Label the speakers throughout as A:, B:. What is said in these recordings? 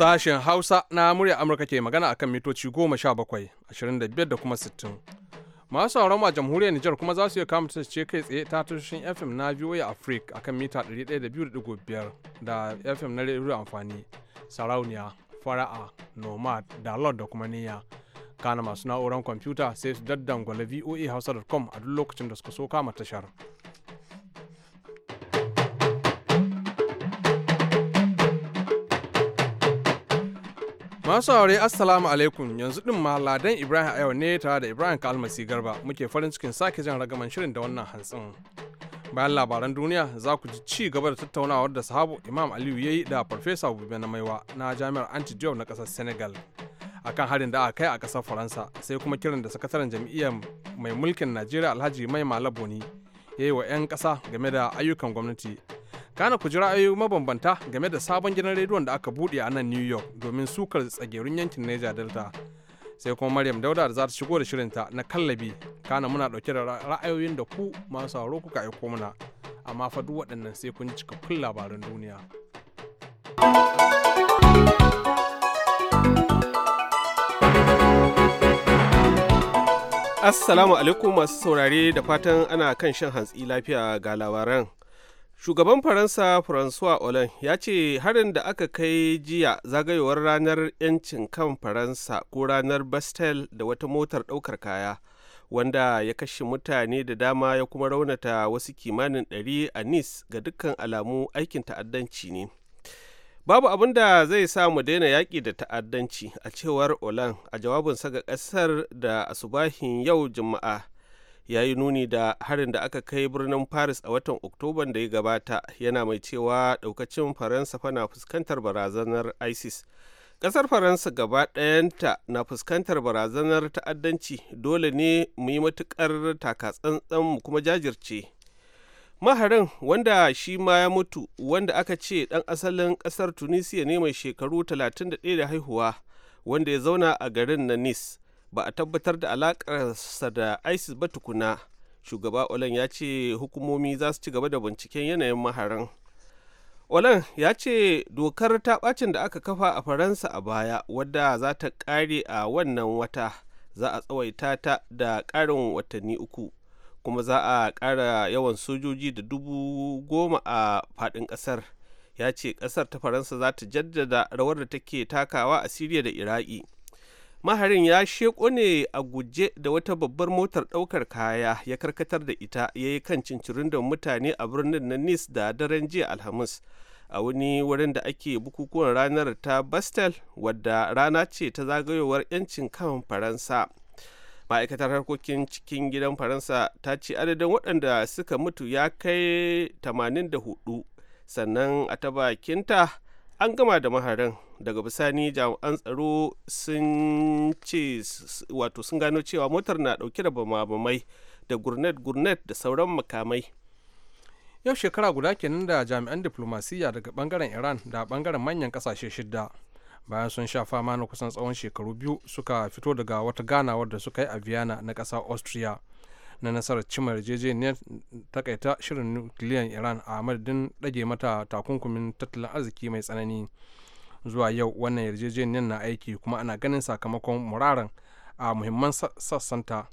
A: Sashen Hausa na murya Amurka ke magana a kan mitoci bakwai ashirin da kuma 60. Masu sauran a jamhuriyar Nijar kuma za su iya kama ce kai tsaye ta tushen FM na VOA Africa akan mita 102.5 da FM na rediyo amfani, sarauniya, fara'a, nomad, dalot da kuma niyya. Kana masu na'urar kwamfuta sai su daddangwala voahausa.com a duk lokacin da suka so kama tashar. Masu aure Assalamu alaikum yanzu din ma Ladan Ibrahim Ayo ne tare da Ibrahim Kalmasi Garba muke farin cikin sake jan ragaman shirin da wannan hantsin. Bayan labaran duniya za ku ji ci gaba da tattaunawar da sahabu Imam Aliyu ya yi da Farfesa Bube na Maiwa na Jami'ar Antijiyar na ƙasar Senegal. akan harin da aka kai a ƙasar Faransa sai kuma kiran da sakataren jam'iyyar mai mulkin Najeriya Alhaji Mai Malaboni ya yi wa 'yan ƙasa game da ayyukan gwamnati kana ku ji ra'ayoyi mabambanta game da sabon gidan rediyon da aka buɗe a nan new york domin sukar tsagerun yankin niger delta sai kuma maryam dauda da za ta shigo da shirinta na kallabi kana muna ɗauke da ra'ayoyin da ku masu sauro kuka aiko mana amma fa duk waɗannan sai kun cikakkun labaran duniya
B: assalamu alaikum masu saurare da fatan ana kan shan hantsi lafiya ga labaran shugaban faransa francois hollande ya ce harin da aka kai jiya zagayowar ranar 'yancin kan faransa ko ranar bastel da wata motar ɗaukar kaya wanda ya kashe mutane da dama ya kuma raunata wasu kimanin ɗari a nice ga dukkan alamu aikin ta'addanci ne babu abin da zai sa mu daina yaƙi da ta'addanci a cewar olan a jawabinsa ga ƙasar da asubahin yau juma'a ya yi nuni da harin da aka kai birnin paris a watan oktoban da ya gabata yana mai cewa daukacin faransa fa na fuskantar barazanar isis ƙasar faransa gaba ɗayanta na fuskantar barazanar ta'addanci dole ne mu yi matukar takatsantsan mu kuma jajirce maharin wanda shi ma ya mutu wanda aka ce ɗan asalin ƙasar tunisia ne mai shekaru 31 da haihuwa wanda ya zauna a garin na nice ba a tabbatar da alakarsa da isis ba tukuna shugaba olan ya ce hukumomi za su ci gaba da binciken yanayin maharan olan ya ce dokar ta bacin da aka kafa a faransa a baya wadda za ta kare a wannan wata za a tsawaita ta da karin watanni uku kuma za a kara yawan sojoji da dubu goma a fadin kasar ya ce kasar ta faransa za ta jaddada rawar da take takawa a siriya da iraki maharin ya sheko ne a guje da wata babbar motar ɗaukar kaya ya karkatar da ita ya yi kan cincirin da mutane a birnin na nice da daren jiya alhamis a wani wurin da ake bukukuwan ranar ta bastel wadda rana ce ta zagayowar 'yancin kan faransa ma'aikatar harkokin cikin gidan faransa ta ce adadin waɗanda suka mutu ya kai 84 sannan a ta bakinta an gama da maharin daga bisani jami'an tsaro sun ce wato sun gano cewa motar na dauke da bamabamai da gurnet gurnet da sauran makamai yau shekara guda kenan da jami'an diplomasiya daga bangaren
A: iran da bangaren manyan kasashe shidda bayan sun sha fama na kusan tsawon shekaru biyu suka fito daga wata ganawar da suka yi a vienna na kasa austria na nasarar cimar yarjejeniyar takaita shirin nukiliyan iran a madadin ɗage mata takunkumin tattalin arziki mai tsanani zuwa yau wannan yarjejeniyar na aiki kuma ana ganin sakamakon muraran a muhimman sassanta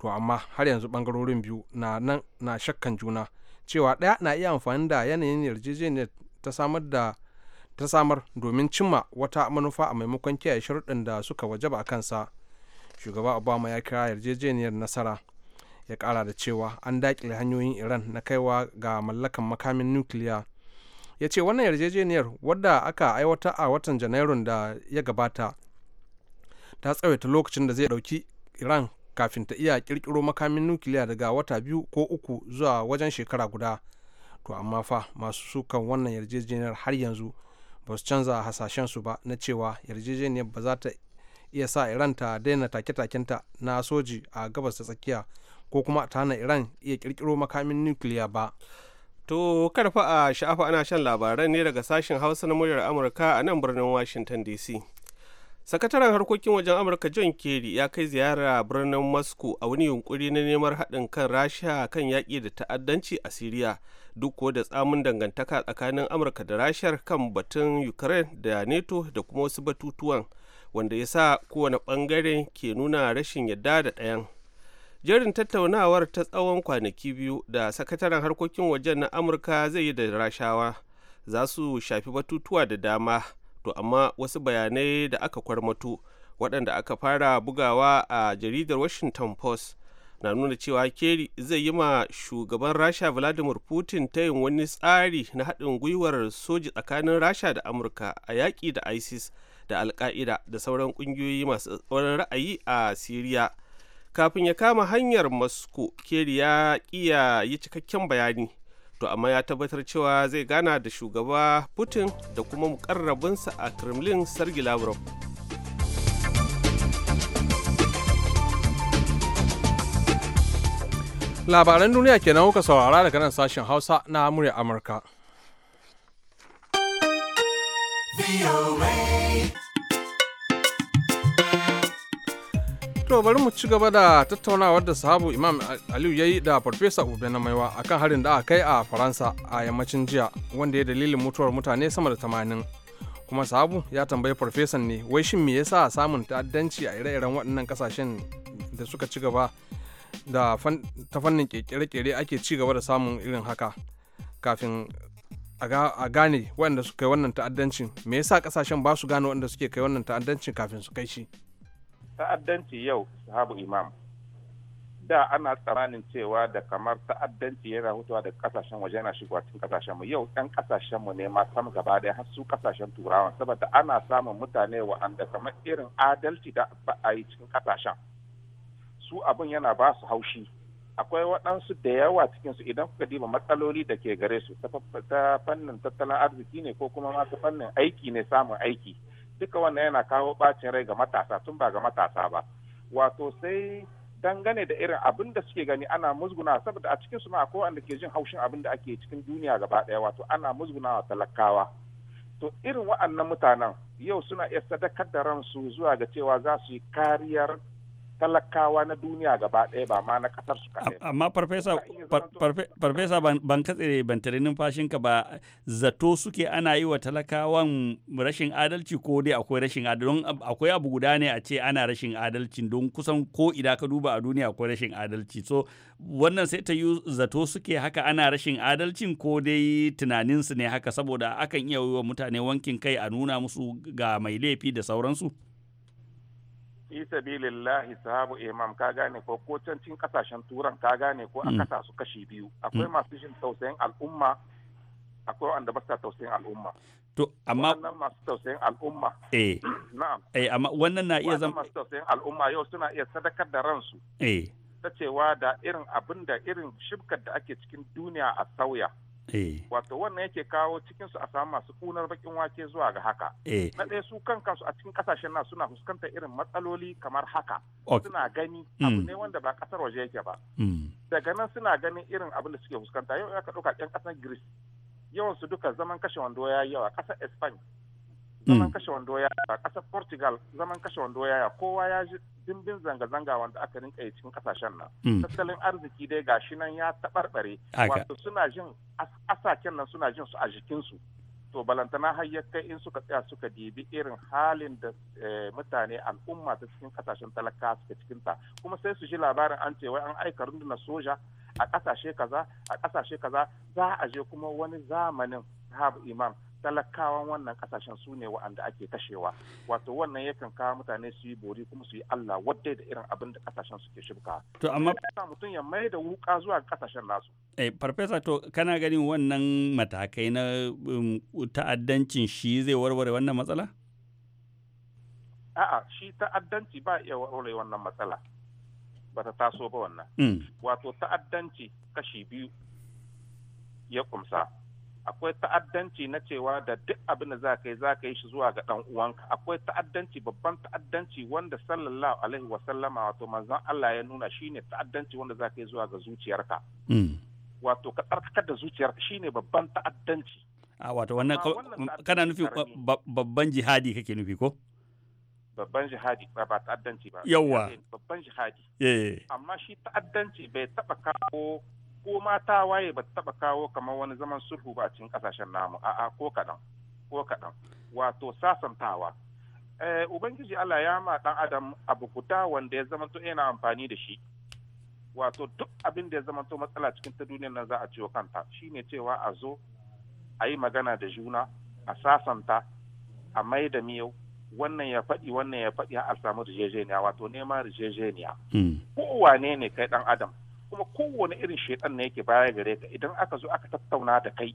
A: to amma har yanzu bangarorin biyu na nan na shakkan juna cewa ɗaya na iya amfani da yanayin yarjejeniyar ta samar da ta samar domin cimma wata manufa a maimakon kiyaye sharuɗin da suka wajaba a kansa shugaba obama ya kira yarjejeniyar nasara ya kara da cewa an dakile hanyoyin iran na kaiwa ga mallakan makamin nukiliya ya ce wannan yarjejeniyar wadda aka aiwata a watan janairun da ya gabata ta tsawaita lokacin da zai dauki iran kafin ta iya kirkiro makamin nukiliya daga wata biyu ko uku zuwa wajen shekara guda to amma fa masu sukan wannan yarjejeniyar har yanzu ba su canza hasashen su ba na cewa yarjejeniyar ba za ta iya sa iran ta daina take-takenta na soji a gabas ta tsakiya ko kuma ta hana iran iya kirkiro
B: makamin nukiliya ba To karfa a sha'afa ana shan labaran ne daga sashen Hausa na muryar Amurka a nan birnin Washington DC. Sakataren harkokin wajen Amurka John Kerry ya kai ziyara birnin Moscow a wani yunkuri na neman haɗin kan Rasha kan yaƙi da ta'addanci a Siriya duk ko da tsamin dangantaka tsakanin Amurka da Rashar kan batun Ukraine da NATO da kuma wasu batutuwan wanda ya sa kowane ɓangare ke nuna rashin yadda da ɗayan. jerin tattaunawar ta tsawon kwanaki biyu da sakataren harkokin wajen na amurka zai yi da rashawa za su shafi batutuwa da dama to amma wasu bayanai da aka kwarmato waɗanda aka fara bugawa a jaridar washington post na nuna cewa keri zai yi ma shugaban rasha vladimir putin ta yin wani tsari na haɗin gwiwar soji tsakanin rasha da amurka a yaƙi da isis da alka'ida da sauran ƙungiyoyi masu tsoron ra'ayi a siriya kafin ya kama hanyar moscow keri ya iya yi cikakken bayani to amma ya tabbatar cewa zai gana da shugaba putin da kuma mukarrabinsa a kremlin sergei lavrov
A: labaran duniya kenan kuka saurara daga nan sashen hausa na murya amurka to bari mu ci gaba da tattaunawa da sahabu imam aliyu ya yi da farfesa ube na maiwa akan harin da aka kai a faransa a yammacin jiya wanda ya dalilin mutuwar mutane sama da tamanin kuma sahabu ya tambayi farfesan ne wai shin me yasa samun ta'addanci a ire-iren waɗannan kasashen da suka ci gaba da ta fannin ƙirƙire ake ci gaba da samun irin haka kafin a gane waɗanda suka kai wannan ta'addancin me yasa kasashen ba su gane waɗanda suke kai wannan ta'addancin kafin su kai shi
C: ta'addanci yau sahabu imam da ana tsammanin cewa da kamar ta'addanci yana hutuwa da kasashen waje yana shigowa cikin kasashen mu yau ɗan kasashen mu ne ma sam gaba ɗaya har su kasashen turawa saboda ana samun mutane wa'anda kamar irin adalci da ba a yi cikin kasashen su abun yana ba su haushi akwai waɗansu da yawa cikinsu idan kuka diba matsaloli da ke gare su ta fannin tattalin arziki ne ko kuma ma ta fannin aiki ne samun aiki duka wannan yana kawo bacin rai ga matasa tun ba ga matasa ba wato sai dangane da irin abin da suke gani ana musguna saboda a cikin su ma akwai wanda ke jin haushin abin da ake cikin duniya gaba daya wato ana wa talakawa to irin wa'annan mutanen yau suna iya sadakar da ransu zuwa ga cewa za su yi kariyar talakawa na duniya gaba ɗaya ba ma na ƙasar su kaɗai. Amma
D: farfesa ban katse ban tare numfashinka ba zato suke ana yi wa talakawan rashin adalci ko dai akwai rashin adalci akwai abu guda ne a ce ana rashin adalci don kusan ko ida ka duba a duniya akwai rashin adalci so wannan sai ta yi zato suke haka ana rashin adalcin ko dai tunaninsu ne haka saboda akan iya yi wa mutane wankin kai a nuna musu ga mai laifi da sauransu.
C: fi sabilillahi sahabu imam ka gane ko ko cancin kasashen turan ka gane ko a mm. kasa su kashi biyu mm. akwai masu jin tausayin al'umma akwai wanda ba sa tausayin al'umma To amma wannan masu tausayin al'umma. Eh. Na'am. Eh amma
D: wannan na iya zama
C: masu tausayin al'umma yau suna iya sadakar da ransu. Eh. Ta cewa da irin abin da irin shibkar da ake cikin duniya a sauya. Eh. wato wannan yake kawo cikin su a samu masu kunar bakin wake zuwa ga haka eh. na ɗaya su kan kansu a cikin kasashen na suna fuskantar irin matsaloli kamar haka suna gani mm. abu ne wanda ba kasar waje yake ba mm. daga nan suna ganin irin abin da suke fuskanta yau ya ɗauka ƴan ƙasar greece yawan su duka zaman kashe wando ya yawa ƙasar spain mm. zaman kashe wando ya yawa portugal zaman kashe wando ya yawa kowa ya dimbin zanga-zanga wanda aka rinka cikin kasashen nan mm. tattalin arziki dai gashi nan ya taɓarɓare wato suna jin asaken nan suna jin su a jikinsu to balantana har ya kai in suka tsaya suka dibi irin halin da eh, mutane al'umma ta cikin kasashen talaka suka cikin ta kuma sai su ji labarin an ce wai an aika runduna soja a kasashe kaza a kasashe kaza za a je kuma wani zamanin Habu imam talakawan wannan kasashen su ne wa'anda ake kashewa wato wannan yakan kawo mutane su yi bori kuma su yi Allah wadda da irin abin da kasashen suke shibka to amma sa mutum ya mai da wuka zuwa kasashen nasu
D: eh farfesa to kana ganin wannan matakai na um, ta'addancin shi zai warware wannan matsala
C: a'a shi ta'addanci ba iya warware wannan matsala ba ta taso ba wannan mm. wato ta'addanci kashi biyu ya kumsa akwai ta'addanci na cewa da duk abin da za ka yi za ka yi shi zuwa ga dan uwanka akwai ta'addanci babban ta'addanci wanda sallallahu alaihi wa sallama wato manzon Allah ya nuna shine ta'addanci wanda za ka yi zuwa ga zuciyarka hmm. wato ka tsarkakar da zuciyarka shine babban ta'addanci
D: a ah, wato wannan kana nufi babban jihadi kake nufi ko
C: babban jihadi ba ba ta'addanci ba yawa babban jihadi eh. amma shi ta'addanci bai taba kawo ko mata waye ba ta taba kawo kamar wani zaman sulhu ba a cikin kasashen namu a'a ko kaɗan ko kaɗan wato sasantawa eh, ubangiji Allah ya ma dan adam abu guda wanda ya zama to yana amfani da shi wato duk abin da ya zama to matsala cikin ta duniyar nan za a ciwo kanta shine cewa a zo a yi magana da juna a sasanta a mai da miyau wannan ya faɗi wannan ya faɗi a samu rijejeniya wato neman rijejeniya hmm. wane ne kai dan adam kuma kowane irin shaidan ne yake baya gare ka idan aka zo aka tattauna da kai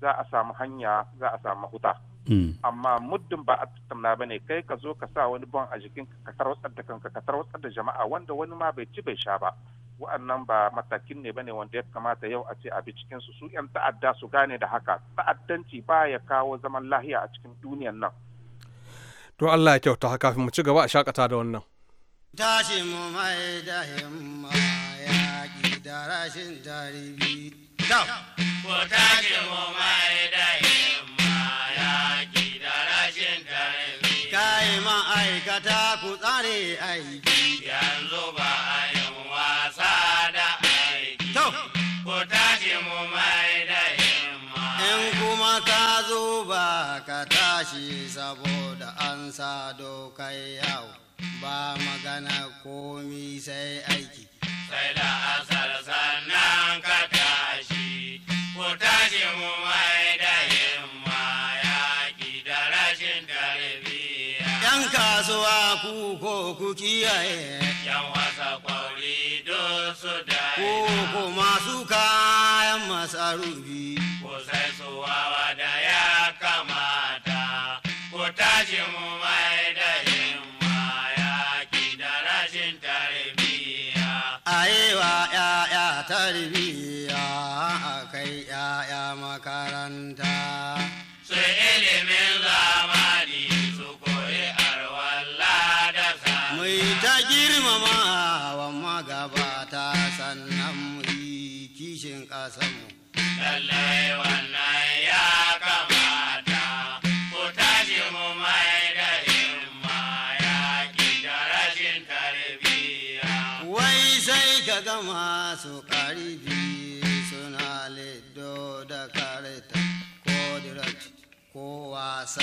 C: za a samu hanya za a samu huta hmm. amma muddin ba a tattauna bane kai ka zo ka sa wani ban a jikin ka tarwatsar da kanka ka tarwatsar da jama'a wanda wani ma bai ci bai sha ba wa'annan ba matakin ne bane wanda ya kamata yau a ce a bi cikin su su yan ta'adda su gane da haka ta'addanci ba ya kawo zaman lahiya a cikin duniyan nan
A: to Allah ya kyauta kafin mu ci gaba a shakata da wannan
E: tashi mu mai da himma da rashin jaribi. Tau!
F: Ko tashi mu mai da himma yaƙi da rashin jaribi.
E: Kai aikata ku tsare
F: aiki. Yanzu ba a yi wasa da aiki. Tau! Ko tashi mu mai da himma. In
E: kuma ka zo ba ka tashi saboda an sa dokai yau. Ba magana komi sai aiki.
F: sai da asar sannan ka tashi ko tashi da himma yaƙi da rashin tarbiyya. Yan
E: kasuwa ku ko ku
F: kiyaye. Yan wasa kwauri don su daye. Ko ko
E: masu kayan masarufi.
F: Ko sai su wawa da
E: kishin ƙasanmu.
F: Lallai
E: wannan ya
F: kamata, ku tashi mu mai da himma ki da rashin tarbiyya. Wai sai
E: ka gama su ƙarfi suna lido da karita ko dirat ko wasa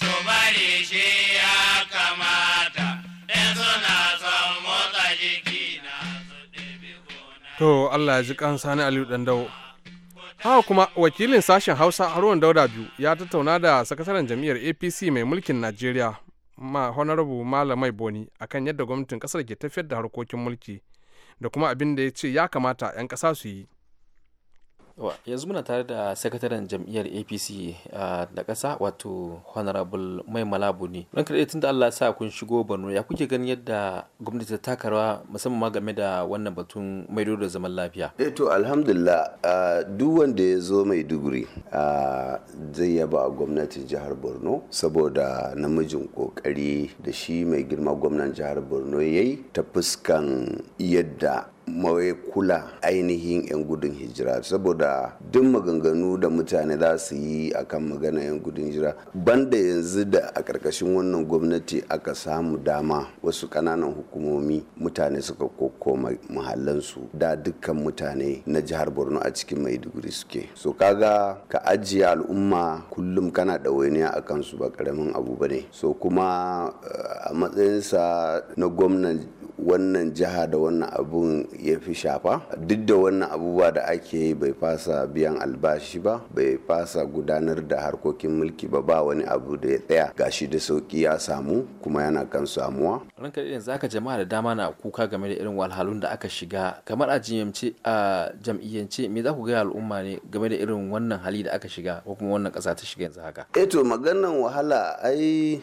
F: So bari shi ya kamata.
A: To Allah ya ji kan Sani Aliyu dawo Haka kuma wakilin sashen Hausa Haruwan Dauda biyu ya tattauna da sakataren jam'iyyar APC mai mulkin Najeriya ma Honorable Malamai Boni akan yadda gwamnatin kasar ke tafiyar da harkokin mulki da kuma abin da ya ce ya kamata 'yan ƙasa su
D: yi.
G: yanzu muna tare da sakataren jam'iyyar apc na ƙasa wato honorable mai malabu ne ran kaɗai tun da allah sa kun shigo borno ya kuke ganin yadda gwamnati ta takarwa musamman ma game da wannan batun mai da zaman lafiya
H: eh to alhamdulillah duk wanda ya zo mai maiduguri zai yaba a gwamnatin jihar borno saboda namijin kokari da shi mai girma gwamnan jihar borno ya yi ta fuskan yadda mawai kula ainihin 'yan gudun hijira saboda duk maganganu da mutane za su yi akan magana 'yan gudun hijira banda yanzu da a karkashin wannan gwamnati aka samu dama wasu ƙananan hukumomi mutane suka koko mahallansu da dukkan mutane na jihar borno a cikin maiduguri suke so kaga ka ajiye al'umma kullum kana wainiya a kansu ba ƙaramin abu ba ne so kuma eh, a matsayinsa na gwamnan wannan jiha da wannan abun ya fi shafa duk da wannan abubuwa da ake yi bai fasa biyan albashi ba bai fasa gudanar da harkokin mulki ba ba wani abu da ya tsaya gashi da sauki ya samu kuma yana kan samuwa ranka
G: irin zaka jama'a da dama na kuka game da irin walhalun da aka shiga kamar a jiyamce a jam'iyyance me za ku ga al'umma ne game da irin wannan hali da aka shiga ko kuma wannan ƙasa ta shiga yanzu haka
H: eh to maganan wahala ai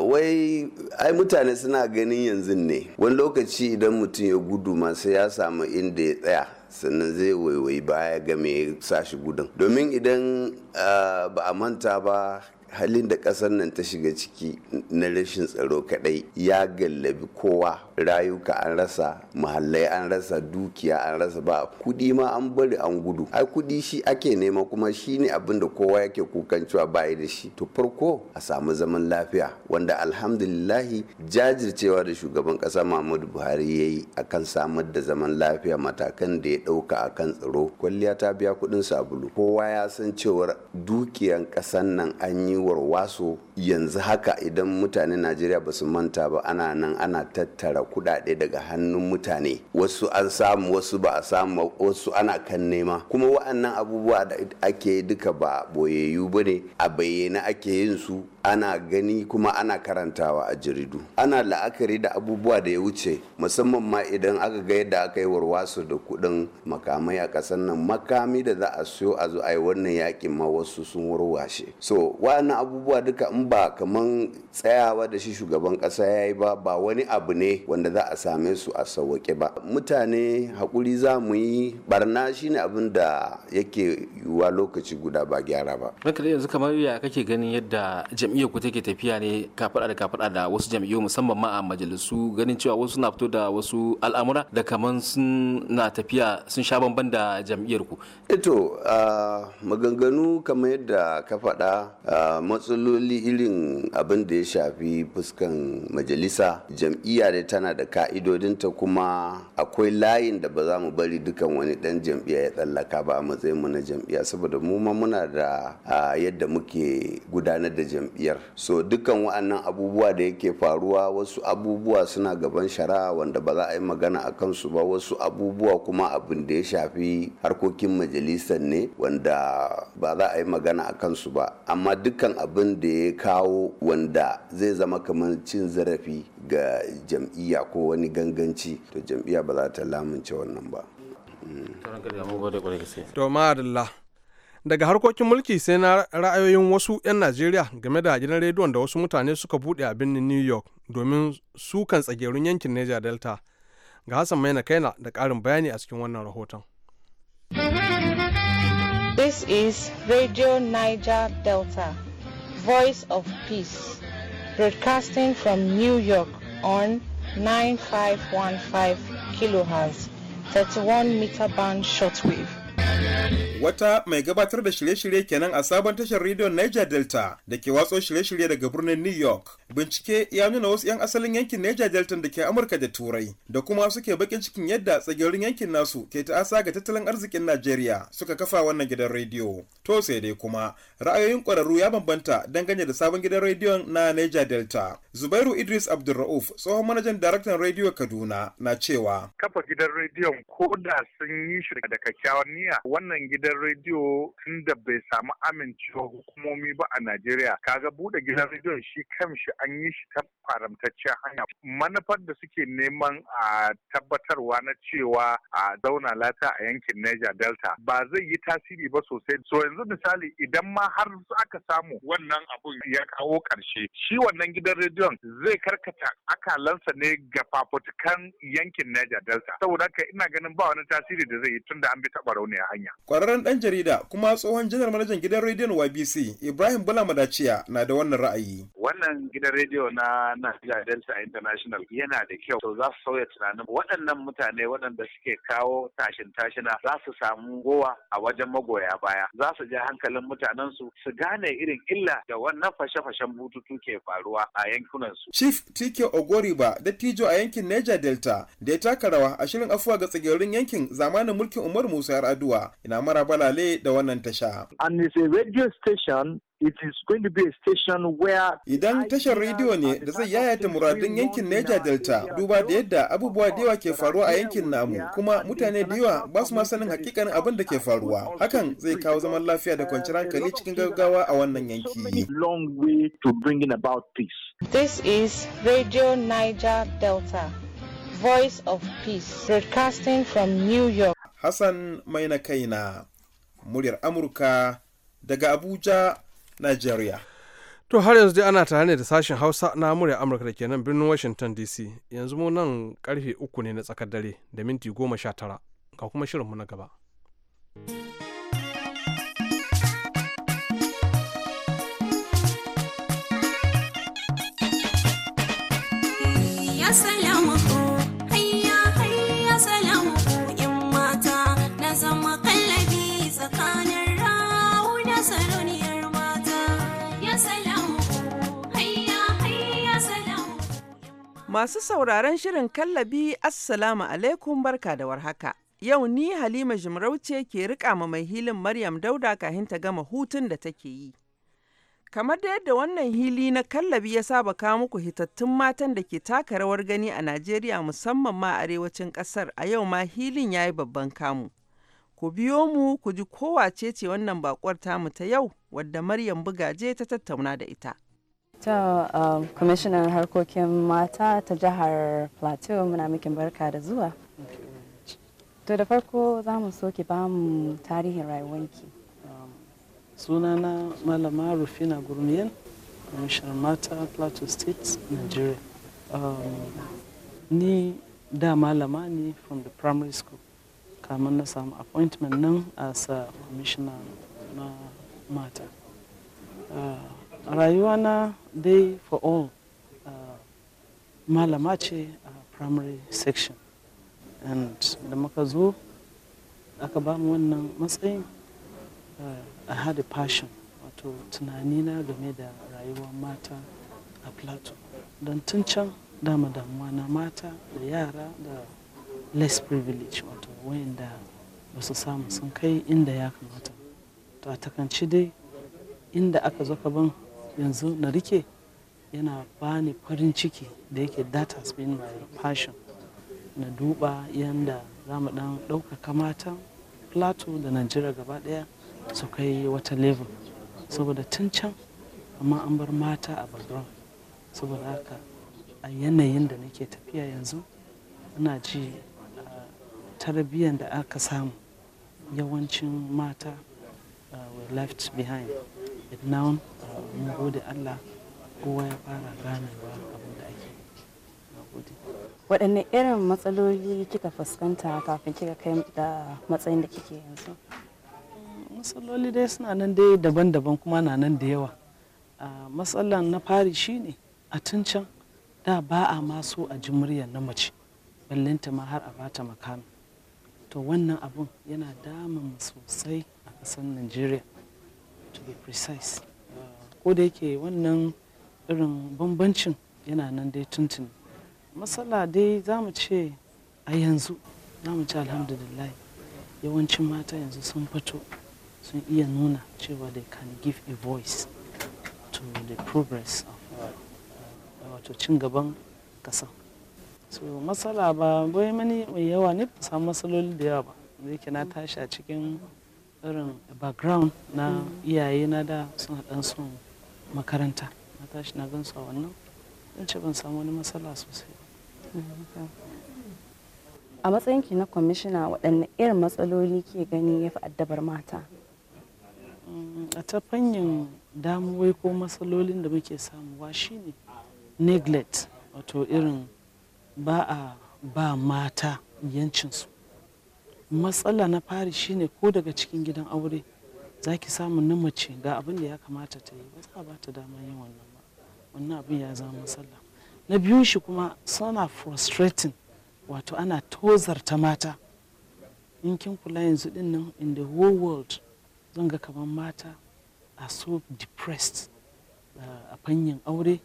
H: wai ai mutane suna ganin yanzu ne wani lokaci idan mutum ya gudu masu ya samu inda ya tsaya sannan zai waiwai baya game sashi gudun domin idan ah, ba a manta ba halin da ƙasar nan ta shiga ciki na rashin tsaro kaɗai ya gallabi kowa rayuka an rasa mahallai an rasa dukiya an rasa ba kuɗi ma an bari an gudu ai kuɗi shi ake nema kuma shi ne abin da kowa yake kukan cewa bayi da shi to farko a samu zaman lafiya wanda alhamdulillahi jajircewa da shugaban ƙasa muhammadu buhari ya yi akan samar da zaman lafiya matakan da ya ɗauka akan tsaro kwalliya ta biya kuɗin sabulu kowa ya san cewar dukiyan ƙasar nan an yi wasu yanzu haka idan mutanen najeriya ba su manta ba ana nan ana tattara kudade daga hannun mutane wasu an samu wasu ba a samu wasu ana kan nema kuma wa'annan abubuwa da ake duka ba boyayyu ba ne a bayyana ake yin su ana gani kuma ana karantawa a jaridu ana la'akari da abubuwa da ya wuce musamman ma idan aka ga yadda aka yi warwasu da kuɗin makamai a ƙasar nan makami da za a siyo a zo a yi wannan yakin ma wasu sun warwashe so wa'annan abubuwa duka in ba kamar tsayawa da shi shugaban ƙasa ya yi ba ba wani abu ne wanda za a same su a sauwaƙe ba mutane hakuri za mu yi barna shine abin da yake yiwuwa lokaci guda ba gyara ba.
G: Haka yanzu kamar ya kake ganin yadda jam'iyyar ku take tafiya ne kafaɗa da kafaɗa da wasu jam'iyyu musamman ma a majalisu ganin cewa wasu na fito da wasu al'amura da kaman sun na tafiya sun sha bamban
H: da jam'iyyar ku eto eh maganganu kamar yadda ka faɗa matsaloli irin abin da ya shafi fuskan majalisa jam'iyya da tana da ka'idodinta kuma akwai layin da ba za mu bari dukan wani dan jam'iyya ya tsallaka ba a matsayin mu na jam'iyya saboda mu ma muna da yadda muke gudanar da jam'iyya biyar so dukkan wa'annan abubuwa da yake faruwa wasu abubuwa suna gaban shari'a wanda ba za a yi magana a kansu ba wasu abubuwa kuma abin da ya shafi harkokin majalisar ne wanda ba za a yi magana a kansu ba amma dukkan abin da ya kawo wanda zai zama kamar cin zarafi ga jam'iyya ko wani ganganci to jam'iyya ba za ta lamunce wannan ba. Mm.
A: To daga harkokin mulki sai na ra'ayoyin wasu 'yan najeriya game da gidan rediyon da wasu mutane suka buɗe a birnin new york domin sukan tsagerun yankin niger delta ga hassan maina kaina da ƙarin bayani a cikin wannan rahoton
I: this is radio niger delta voice of peace broadcasting from new york on 9515 kilohertz 31 meter band shortwave
J: wata mai gabatar da shirye-shirye kenan a sabon tashar rediyon Niger Delta da ke watso shirye-shirye daga birnin New York. Bincike ya nuna wasu 'yan asalin yankin Niger Delta da ke Amurka da Turai da kuma suke bakin cikin yadda tsagirin yankin nasu ke ta'asa ga tattalin arzikin Najeriya suka kafa wannan gidan rediyo. To sai dai kuma ra'ayoyin ƙwararru ya bambanta dangane da sabon gidan rediyon na Niger Delta. Zubairu Idris Abdulra'uf tsohon manajan daraktan rediyo Kaduna na cewa.
F: Kafa gidan rediyon ko da sun yi shi da
C: kyakkyawan Najeriya wannan gidan rediyo tunda bai samu amincewa hukumomi ba a Najeriya kaga bude gidan rediyon shi shi an yi shi ta faramtacciyar hanya manufar da suke neman a tabbatarwa na cewa a zauna lata a yankin Niger Delta ba zai yi tasiri ba sosai so yanzu misali idan ma har aka samu wannan abun ya kawo karshe shi wannan gidan rediyon zai karkata akalansa ne ga fafutukan yankin Niger Delta saboda haka ina ganin ba wani tasiri da zai yi tunda an bi taɓa rauniya a hanya.
J: Kwararren ɗan jarida kuma tsohon janar manajan gidan rediyon YBC Ibrahim Bala Madaciya na da wannan ra'ayi.
C: Wannan gidan rediyo na Nigeria Delta International yana da kyau to za su sauya tunanin waɗannan mutane waɗanda suke kawo tashin tashina za su samu gowa a wajen magoya baya za su ja hankalin mutanen su su gane irin illa da wannan fashe-fashen bututu ke faruwa a su.
J: Chief TK Ogoriba dattijo a yankin Niger Delta da ya taka rawa a shirin afuwa ga tsigirin yankin zamanin mulkin Umar Musa Yar'adua Funtuwa ina mara balale da wannan tasha. And it's a radio station be station where idan tashar rediyo ne da zai yayata muradun yankin Neja Delta duba da yadda abubuwa da yawa ke faruwa a yankin namu kuma mutane da yawa ba su ma sanin hakikanin abin da ke faruwa hakan zai kawo zaman lafiya da kwanciyar uh, hankali cikin gaggawa a wannan yanki
C: long about
I: this is radio Niger
K: Delta voice of peace
I: broadcasting from New York Hassan
J: mai na muryar Amurka daga Abuja, Nigeria.
A: To har yanzu dai ana tare ne da sashen Hausa na muryar Amurka da ke nan birnin Washington DC. Yanzu mu nan karfe uku ne na tsakar dare da minti goma sha tara ga kuma shirinmu na gaba.
K: Masu sauraron shirin kallabi Assalamu alaikum barka da warhaka. Yau ni Halima Jimarauce ke rika ma mai hilin Maryam Dauda kahin ta gama hutun da take yi. Kamar da yadda wannan hili na kallabi ya saba kawo muku hitattun matan da ke taka rawar gani a Najeriya musamman ma arewacin Kasar a yau ma hilin ya yi babban kamu. Ku biyo mu ku ji kowace ce wannan bakwar tamu ta yau wadda Maryam Bugaje ta tattauna da ita.
I: ta um, Commissioner kwamishinan harkokin mata ta jihar plateau muna mikin barka da zuwa to da farko za mu bamu ba mu tarihin rayuwanki sunana malama rufina gurmiyan kwamishinan mata plateau state nigeria um, ni da malama ne from the primary school kamar na samu appointment nan as a commissioner na mata uh, rayuwana dai for all uh, malama ce a primary section and da muka zo aka ba mu wannan matsayin uh, I had a passion wato tunanina game da rayuwar mata a plateau don tun can dama damuwa na mata da yara da less privilege wato wayanda ba su samu sun kai inda ya kamata to a takanci dai inda aka zo ka ban yanzu na rike yana bani farin ciki da yake that has been my passion na duba yadda za mu dan ɗaukaka matan plateau da najeriya gaba ɗaya su kai wata level saboda tun can amma an bar mata a background saboda haka a yanayin da nake tafiya yanzu ina ji ah, tarbiyyar da aka samu yawancin mata ah, were left behind it now mu gode Allah kowa ya fara ganewa abin da ake waɗanne irin matsaloli kika fuskanta kafin kika kai da matsayin da kike yanzu matsaloli dai suna nan dai daban-daban kuma na nan da yawa ah, matsalan na fari shine a tun can da ba a maso a ji muryar na mace ballinta ma har a bata makami to wannan abun yana damun sosai a ƙasar nigeria to be precise ko da yake wannan irin bambancin yana nan dai tuntun matsala dai za mu ce a yanzu za mu ce alhamdulillah yawancin mata yanzu sun fito sun iya nuna cewa they can give a voice to the progress of uh, wato cin gaban kasan so matsala ba bai mani mai yawa ne samu matsaloli da yawa ba zai ke na tashi a cikin irin background na iyaye na da suna dan son makaranta na tashi na gansu a wannan in ce ban samu wani matsala sosai a matsayinki na kwamishina waɗanne irin matsaloli ke gani ya fi addabar mata mm, a ta fanyin damuwai ko matsalolin da muke samuwa shine neglect wato irin ba a ba mata yancinsu matsala na fari shine ko daga cikin gidan aure za ki samu na mace ga abin da ya kamata ta yi ba za ba ta dama yin wannan ba wannan abin ya zama matsala na biyun shi kuma suna frustrating wato ana tozarta mata in kin kula yanzu din nan in the whole world zan ga kamar mata a so depressed uh, a fanyin aure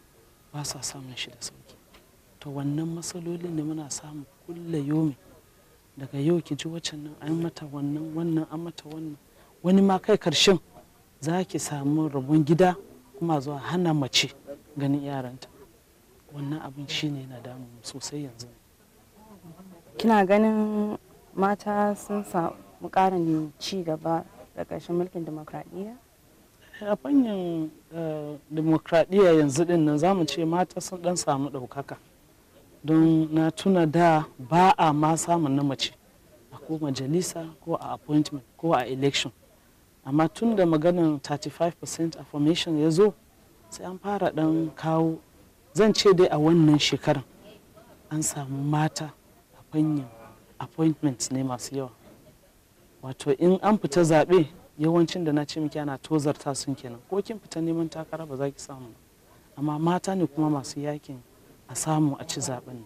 I: ba sa samun shi da sauki to wannan matsalolin da muna samu kulle yomi daga yau ki ji waccan nan an mata wannan wannan an mata wannan wani ma kai karshen za ki samu rabon gida kuma zuwa hana mace ganin yaranta wannan abin shi ne na damu sosai yanzu kina ganin mata sun samu karin ci gaba da ƙarshen mulkin demokradiyya a fanyin eh, demokradiyya yanzu din nan za mu ce mata sun dan samu ɗaukaka don na tuna da ba a ma samun na mace a ko majalisa ko a appointment ko a election amma tun da maganan 35% affirmation ya zo sai an fara dan kawo zan ce dai a wannan shekarar an samu mata a fanyin appointment ne masu yawa wato in an fita zaɓe yawancin da na ce miki ana tozarta sun kenan ko kin fita neman takara ba za ki samu amma mata ne kuma masu yakin a samu a ci zaɓen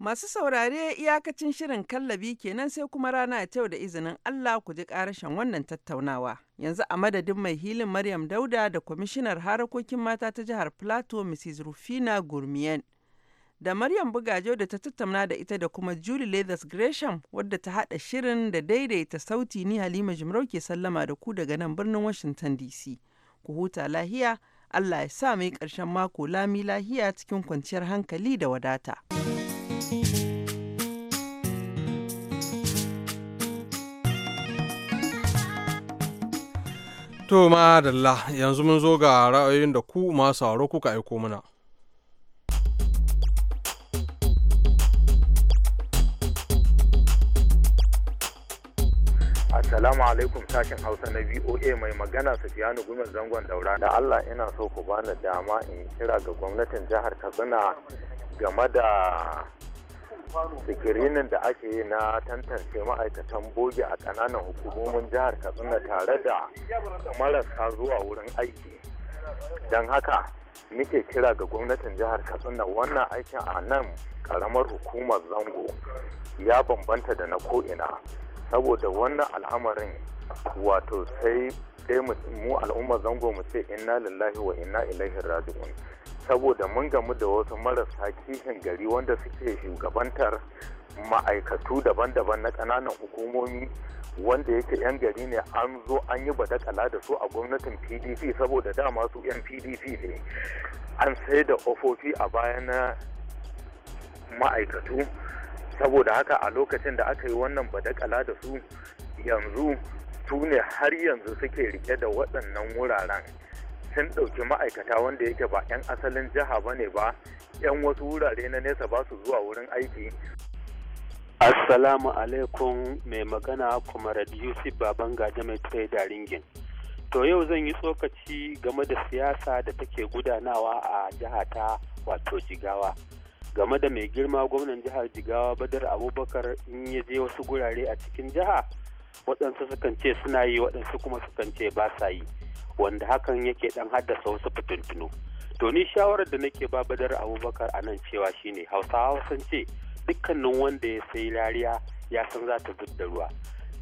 K: Masu saurare iyakacin shirin kallabi kenan sai kuma rana ta yau da izinin Allah ku ji karashen wannan tattaunawa. Yanzu a madadin mai hilin Maryam Dauda da kwamishinar harakokin mata ta jihar Plateau Mrs. Rufina Gurmiyan. Da Maryam Bugajo da ta tattauna da ita da kuma Julie Leathers Gresham wadda ta haɗa shirin da daidaita sauti ni Halima Jimrau ke sallama da ku daga nan birnin Washington DC. Ku huta lahiya, Allah ya sa mai karshen mako lami lahiya cikin kwanciyar hankali da wadata.
A: To madalla yanzu mun zo ga ra'ayoyin da ku masu sauro kuka aiko mana.
L: Assalamu alaikum sashen Hausa na VOA mai magana Sufiyanu Gumar zangon daura. Da Allah ina so ku bani dama in kira ga gwamnatin jihar Katsina game da sikirinin da ake yi na tantance ma'aikatan bogi a ƙananan hukumomin jihar katsina tare da marasa zuwa wurin aiki don haka muke kira ga gwamnatin jihar katsina wannan aikin a nan karamar hukumar zango ya bambanta da na ko'ina saboda wannan al'amarin wato sai mu al'ummar zango mu ce inna lillahi wa inna ilaihi raji'un saboda mun gamu da wasu marasa kishin gari wanda suke shugabantar ma'aikatu daban-daban na ƙananan hukumomi wanda yake 'yan gari ne an zo an yi badakala da su a gwamnatin pdp saboda dama su 'yan pdp ne an sai da ofofi a baya na ma'aikatu saboda haka a lokacin da aka yi wannan badakala da su yanzu su ne har yanzu suke rike da waɗannan wuraren sun ɗauki ma'aikata wanda yake ba 'yan asalin jiha ba ne ba 'yan wasu wurare na nesa ba su zuwa wurin aiki assalamu alaikum mai magana kuma
G: yusuf baban gada mai tsaye da ringin to yau zan yi tsokaci game da siyasa da take gudanawa a jihata wato jigawa game da mai girma gwamnan jihar jigawa badar abubakar in ya je wasu gurare a cikin jiha waɗansu sukan ce suna yi waɗansu kuma sukan ce ba sa yi wanda hakan yake dan haddasa wasu fitintunu to ni shawarar da nake ba badar abubakar anan cewa shine hausawa sun ce dukkanin wanda ya sayi lariya ya san za ta da ruwa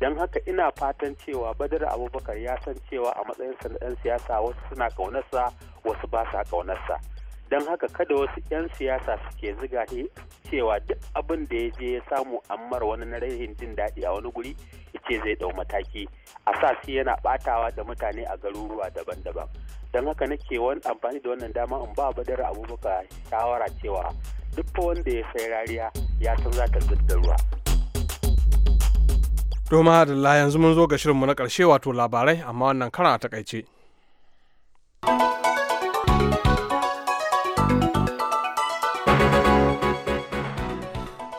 G: don haka ina fatan cewa badar abubakar ya san cewa a matsayinsa na 'yan siyasa wasu suna ƙaunarsa wasu ba sa ƙaunarsa don haka kada wasu 'yan siyasa suke ziga cewa duk abin da ya je ya samu ammar wani na rahin jin daɗi a wani guri ce zai dau mataki a sa shi yana batawa da mutane a garuruwa daban-daban don haka nake wani amfani da wannan dama in ba badar abubakar shawara cewa duk wanda ya sai rariya
A: ya san za ta da ruwa Doma da yanzu mun zo ga shirin mu na ƙarshe wato labarai amma wannan karan a takaice.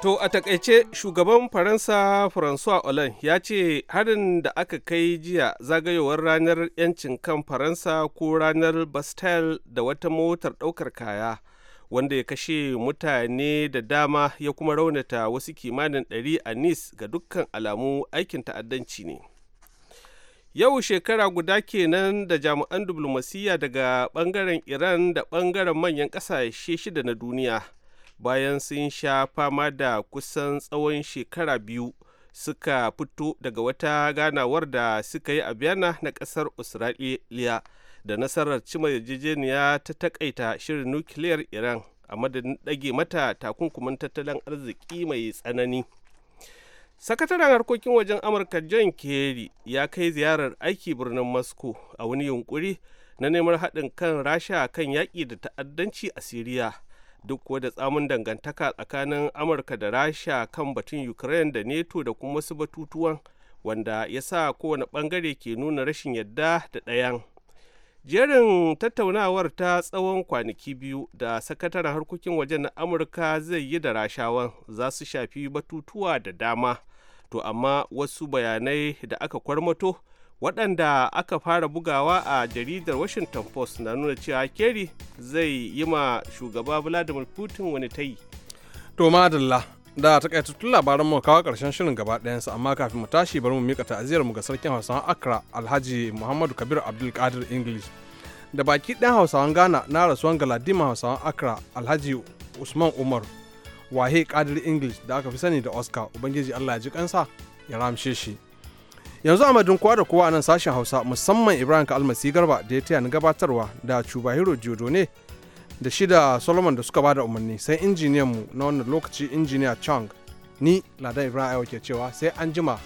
B: To a takaice shugaban Faransa François Hollande ya ce harin da aka kai jiya zagayowar ranar 'yancin kan Faransa ko ranar Bastille da wata motar ɗaukar kaya wanda ya kashe mutane da dama ya kuma raunata wasu kimanin ɗari a Nice ga dukkan alamu aikin ta'addanci ne. Yau shekara guda kenan da jami'an diplomasiyya daga ɓangaren Iran da ɓangaren manyan ƙasashe shida na duniya. bayan sun sha fama da kusan tsawon shekara biyu suka fito daga wata ganawar da suka yi a biyana na kasar australia da nasarar cima yarjejeniya ta takaita shirin nukiliyar Iran a madadin ɗage mata takunkuman tattalin arziki mai tsanani. sakataren harkokin wajen amurka john kerry ya kai ziyarar aiki birnin moscow a wani yunkuri na neman haɗin kan rasha kan yaƙi da ta'addanci a siriya duk wadda tsamin dangantaka tsakanin amurka da rasha kan batun ukraine da neto da kuma wasu batutuwan wanda ya sa kowane bangare ke nuna rashin yadda da ɗayan jerin tattaunawar ta tsawon kwanaki biyu da sakataren harkokin wajen na amurka zai yi da rashawan za su shafi batutuwa da dama to amma wasu bayanai da aka kwarmato waɗanda aka fara bugawa a jaridar washington post na nuna cewa kerry zai yi ma shugaba vladimir putin wani ta yi
A: to madalla da takaitattun labaran mu kawo karshen shirin gaba ɗayansa amma kafin mu tashi bari mu mika ta'aziyar mu ga sarkin hausawan accra alhaji muhammadu kabir abdul qadir english da baki ɗan hausawan ghana na rasuwan galadima hausawan accra alhaji usman umar wahe qadir english da aka fi sani da oscar ubangiji allah ya ji kansa ya ramshe shi yanzu a madin kowa da kowa a nan sashen hausa musamman ibrahim almasi garba da ya taya ni gabatarwa da cubahiro jodo ne da shi da solomon da suka bada umarni sai injiniyan mu na wannan lokaci injiniya chang ni ladan ibrahim ke cewa sai an jima